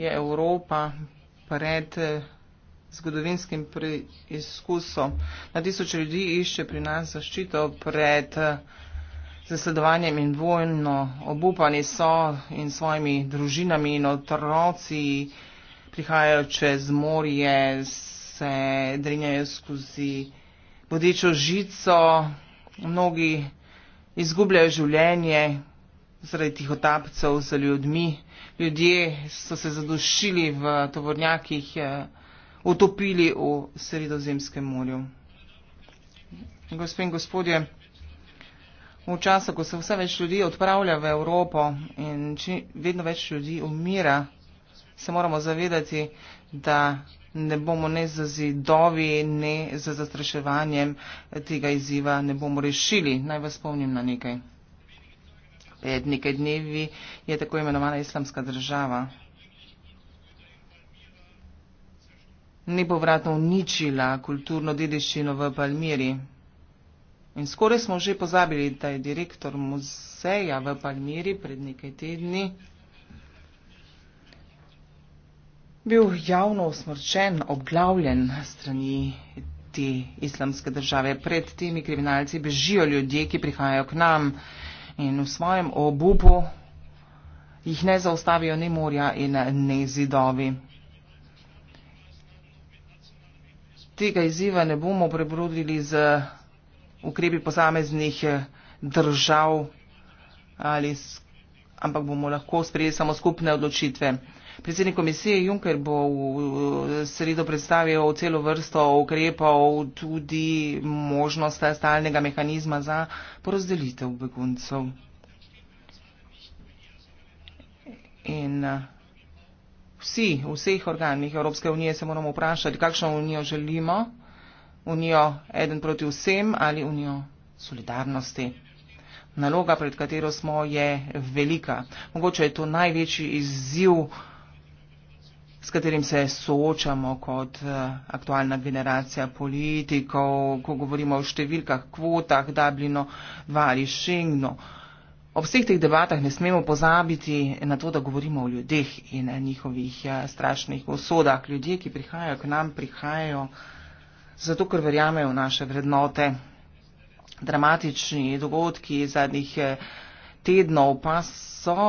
je Evropa pred eh, zgodovinskim preizkusom. Na tisoč ljudi išče pri nas zaščito pred eh, zasledovanjem in vojno. Obupani so in svojimi družinami in otroci prihajajo čez morje, se drinjajo skozi bodečo žico. Mnogi izgubljajo življenje, zaradi tih otapcev za ljudmi. Ljudje so se zadušili v tovornjakih, eh, utopili v Sredozemskem morju. Gospod in gospodje, v času, ko se vse več ljudi odpravlja v Evropo in či, vedno več ljudi umira, se moramo zavedati, da ne bomo ne za zidovi, ne za zastraševanjem tega izziva ne bomo rešili. Naj vas spomnim na nekaj pred nekaj dnevi je tako imenovana islamska država. Nepovratno uničila kulturno dediščino v Palmiri. In skoraj smo že pozabili, da je direktor muzeja v Palmiri pred nekaj tedni bil javno usmrčen, obglavljen strani te islamske države. Pred temi kriminalci bežijo ljudje, ki prihajajo k nam in v svojem obupu jih ne zaustavijo ni morja in ne zidovi. Tega izziva ne bomo prebrodili z ukrepi posameznih držav, ali, ampak bomo lahko sprejeli samo skupne odločitve. Predsednik komisije Juncker bo v sredo predstavil celo vrsto ukrepov, tudi možnost stalnega mehanizma za porozdelitev beguncev. In eh, vsi, vseh organih Evropske unije se moramo vprašati, kakšno unijo želimo, unijo eden proti vsem ali unijo solidarnosti. Naloga, pred katero smo, je velika. Mogoče je to največji izziv s katerim se soočamo kot eh, aktualna generacija politikov, ko govorimo o številkah, kvotah, Dublino, Vali, Schengenu. Ob vseh teh debatah ne smemo pozabiti na to, da govorimo o ljudeh in na njihovih eh, strašnih usodah. Ljudje, ki prihajajo k nam, prihajajo zato, ker verjamejo v naše vrednote. Dramatični dogodki zadnjih eh, tednov pa so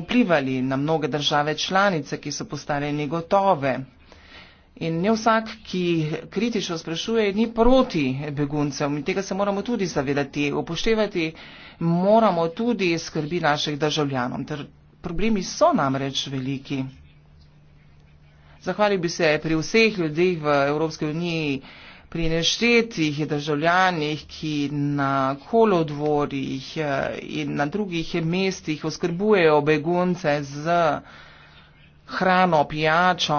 vplivali na mnoge države članice, ki so postale negotove. In ne vsak, ki kritično sprašuje, ni proti beguncem. In tega se moramo tudi zavedati, upoštevati moramo tudi skrbi naših državljanom. Ter problemi so namreč veliki. Zahvalil bi se pri vseh ljudeh v Evropske uniji, pri neštetih državljanih, ki na kolodvorih eh, in na drugih mestih oskrbujejo begunce z hrano, pijačo,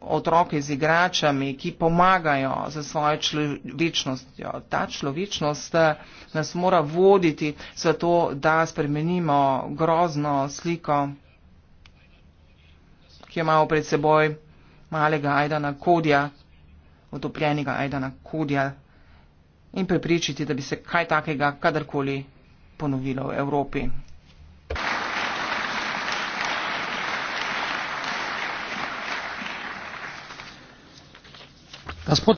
otroke z igračami, ki pomagajo za svojo človečnostjo. Ta človečnost eh, nas mora voditi za to, da spremenimo grozno sliko, ki je malo pred seboj malega Ajdana Kodja, utopljenega Aidana Kudja in prepričiti, da bi se kaj takega kadarkoli ponovilo v Evropi. Gospod